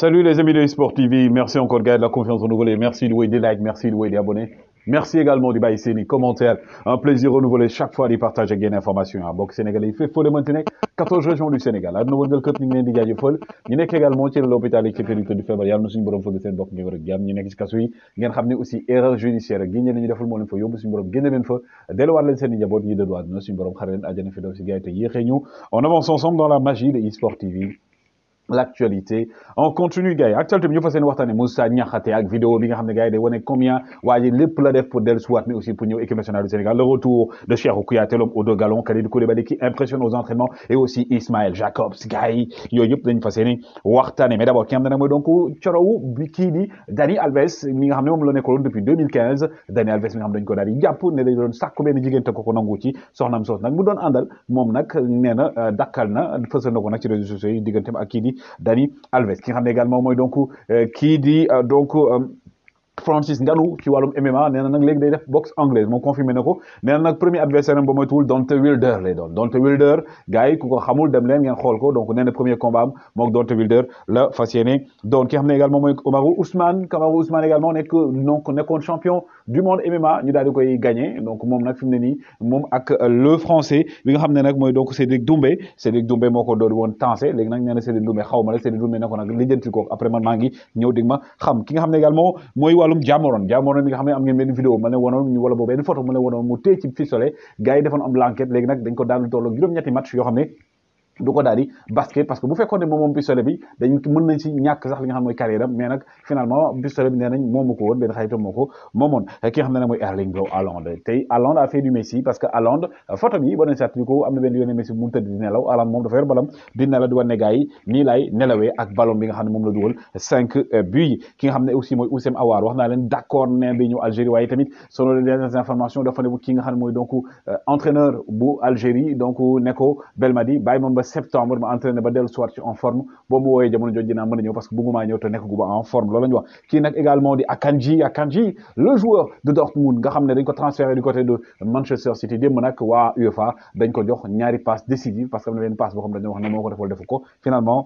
Salut les amis de eSport TV, merci encore de la confiance renouvelée, merci de des likes, merci de des abonnés, merci également du baisser les commentaires, un plaisir renouvelé chaque fois de partager des informations Un Box Sénégalais, il fait faux 14 régions du Sénégal, à nouveau nous folle, nous avons également chez l'hôpital et du février, nous sommes de cette nous nous nous a aussi erreur judiciaire, nous nous dès de nous on avance ensemble dans la magie de eSport TV l'actualité on continue gars yi ñu fa seen Moussa Niakhaté ak vidéo bi nga xamné ne gars day woné combien waji lepp la def pour delsu wat mais aussi pour ñeu équipe nationale du Sénégal le retour de Cheikh Kouyaté l'homme aux deux galons Koulibaly qui impressionne aux entraînements et aussi Ismaël Jacobs gars yi yooyu yëpp dañ fa seeni waxtaane mais d'abord ki am na ne donc corow bi kii di Dani Alves mi nga xamné mom la depuis 2015 Dani Alves mi nga xam dañ ko daal di né dañ doon sakku benn jigéen te ko ko nangu ci soxnam sox nak mu doon andal mom nak néna na euh, na fësal na ko nag ci réseaux sociaux yi ak ki Dani Alves qui ramène également moi donc euh, qui dit euh, donc euh, Francis Ngannou ci walum MMA nee nak légui day def boxe anglaise mo confirmé nako ko nak premier adversaire am ba moytuwul Deontay Wilder lay doon Deontay Wilder gars yi ko xamul dem len ngeen xol ko donc nee premier combat am mok Deontay Wilder la fas Donc, ki xamné ne également moy Omarou Ousmane Kamaru Ousmane également nek donc nekone champion du monde MMA ñu dal di koy gagner donc mom nak fimné ni mom ak le français bi nga xamné nak moy donc Cédric Doumbé Cédric Doumbé moko ko doon woon tensé léegi nag nee Cédric Doumbé xawma ma Cédric Doumbé nako nak nag lijjanti ko après man maa ngi ñëw dig xam ki nga xamné également moy wàllum jaamoron jaamoron vidéo ma leen wonoon ñu wala boobu benn ma leen wonoon mu téye ci fistolet gars yi defoon am l'enquête léegi nag dañ ko daanu tolloog juróom-ñetti match yoo xam ne du ko daal basket parce que bu fekkone mom mom moom pistolet bi dañ meun nañ ci ñak sax li nga xam moy carrière mais nak finalement pistolet bi nenañ nañ moomu ko woon benn xaritam moo ko moomoon ki nga xam na moy Erling Braut Haaland tay Haaland a fait du Messi parce que Haaland photo bi boo leen seetlu ko am na benn Messi mu tëdd di nelaw Haaland moom dafa yor balam di nelaw di wane gars ni lay nelawé ak ballon bi nga xam mom la duwol 5 buts ki nga xam ne aussi moy Oussem Aouar wax naa leen d' accord ne day Algérie waaye tamit selon les dernières informations fa ne bu ki nga xam moy donc euh, entraîneur bu Algérie donc ne Belmadi bàyyi mom ba septembre ma entraîné ba dellu soir ci en forme bo mu woyé jamono jooju dinaa mën ñëw parce que bëgguma ñëw te nekk ba en forme loolu lañ wax ki nak également di Akanji Akanji le joueur de Dortmund nga xamné dañ ko transféré du côté de Manchester City dem nak wa UEFA dañ ko jox ñaari passe décisive parce que am na passe boo xam ne wax na moko defal defuko finalement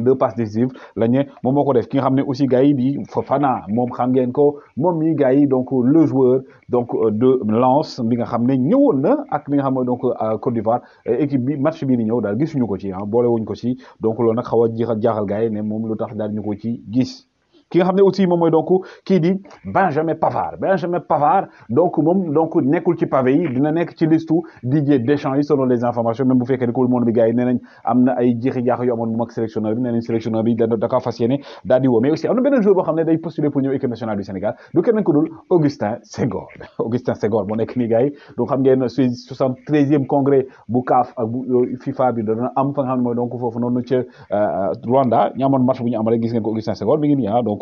deux passes décisives la ñu moom moo def ki nga xamné aussi gaay bi di Fofana moom xam ngeen ko mom mi gaay donc le joueur donc euh, de lance bi nga xamné ne na ak li nga xamné donc euh, Côte d'Ivoire équipe bi match bi ni ñëw daal gisunu ko ci ah wuñ ko ci donc lool nak xawa a jaaxal gars yi ne moom daal ñu ko ci gis ki nga xam aussi mom moy donc ki di Benjamin Pavard Benjamin Pavard donc mom donc nekkul ci pavé yi dina nekk ci listu Didier Deschamps yi selon les informations même bu fekkee ni Monde bi gay yi amna ay jeexi jax yu amone bu mag sélectionneur bi nee sélectionneur bi da kaa fas yéene di mais aussi amna na joueur bo xam day postuler pour ñëw équipe nationale du Sénégal du kenn ko dul Augustin Senghor Augustin Senghor mo nekk ni gay donc xam ngeen soixante treizième congrès bu CAF ak bu euh, FIFA bi dana am fa nga xam ne donc fofu nonu ci euh, Rwanda ñamone match bu ñu amal gis ngeen ko Augustin Senghor mi ngi nii ha ah, donc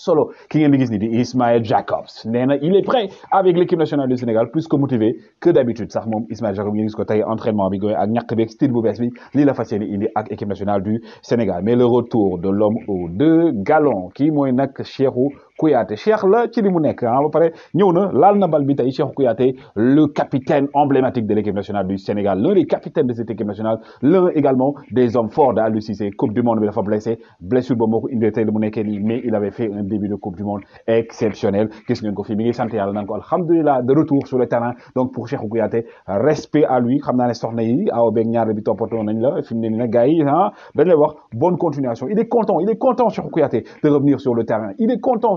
solo ki ngeen dit Ismaël Jacobs il est prêt avec l'équipe nationale du Sénégal plus que motivé que d'habitude sax Ismaël Jacobs il est ko entraînement bi goy ak ñàkk bi ak style bu avec bi nationale du Sénégal mais le retour de l'homme aux deux galons qui est Nak Cheikhou Kouyaté Cheikh la ci limu nek nekk ah ba pare ñëw na na bal bi tay Cheikh Kouyaté le capitaine emblématique de l'équipe nationale du Sénégal l'un des capitaines de cette équipe nationale l'un également des hommes forts de Aliou Cissé coupe du monde bi dafa blessé blessure ba moko ko indi tey li mu nekkee mais il avait fait un début de coupe du monde exceptionnel gis ngeen ko fi mi ngi sante Yalla naan ko alhamdulilah de retour sur le terrain donc pour Cheikh Kouyaté respect à lui xamna naa ne soxna yi a beeg ñaar bi toppatoo nañ la fim ne na gaay gars ah, lay wax bonne continuation il est content il est content Cheikh Kouyaté de revenir sur le terrain il est content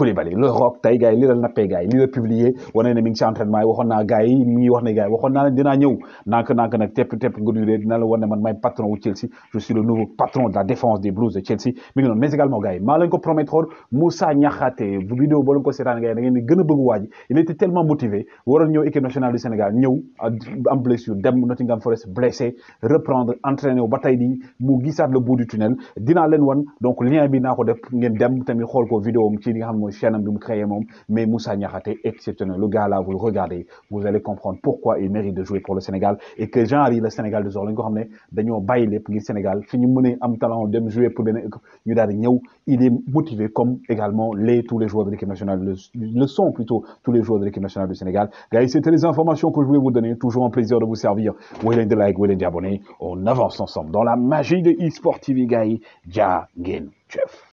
Koulibaly le rock tey gars yi lii la nappee gars yi la publier wane né mi ngi ci entraînement waxon na naa yi mi ngi wax né gars waxon na dina ñëw nak nank nag tepp tepp nga la wan man may patron wu Chelsea je suis le nouveau patron de la défense des Blues de Chelsea mi ngi non mais également gars ma lañ ko promettre Moussa Niakhaté bu vidéo bo lañ ko sétane gars da ngeen di bëgg waji il était tellement motivé waron ñëw équipe nationale du Sénégal ñëw am blessure dem Nottingham Forest blessé reprendre entraîner wu ba tey di mu gissat le bout du tunnel dina leen won donc lien bi nako def ngeen dem tamit xol ko vidéo mu ci nga xam moom mais Moussa Niarate, exceptionnel le gars là vous le regardez vous allez comprendre pourquoi il mérite de jouer pour le Sénégal et que jean yi le Sénégal de jour la ko xam ne Sénégal fi ñu talent jouer pour il est motivé comme également les tous les joueurs de l'équipe nationale le, le sont plutôt tous les joueurs de l'équipe nationale du Sénégal gars c'était les informations que je voulais vous donner toujours un plaisir de vous servir il aime de like woy il abonner on avance ensemble dans la magie de eSport TV gars yi chef.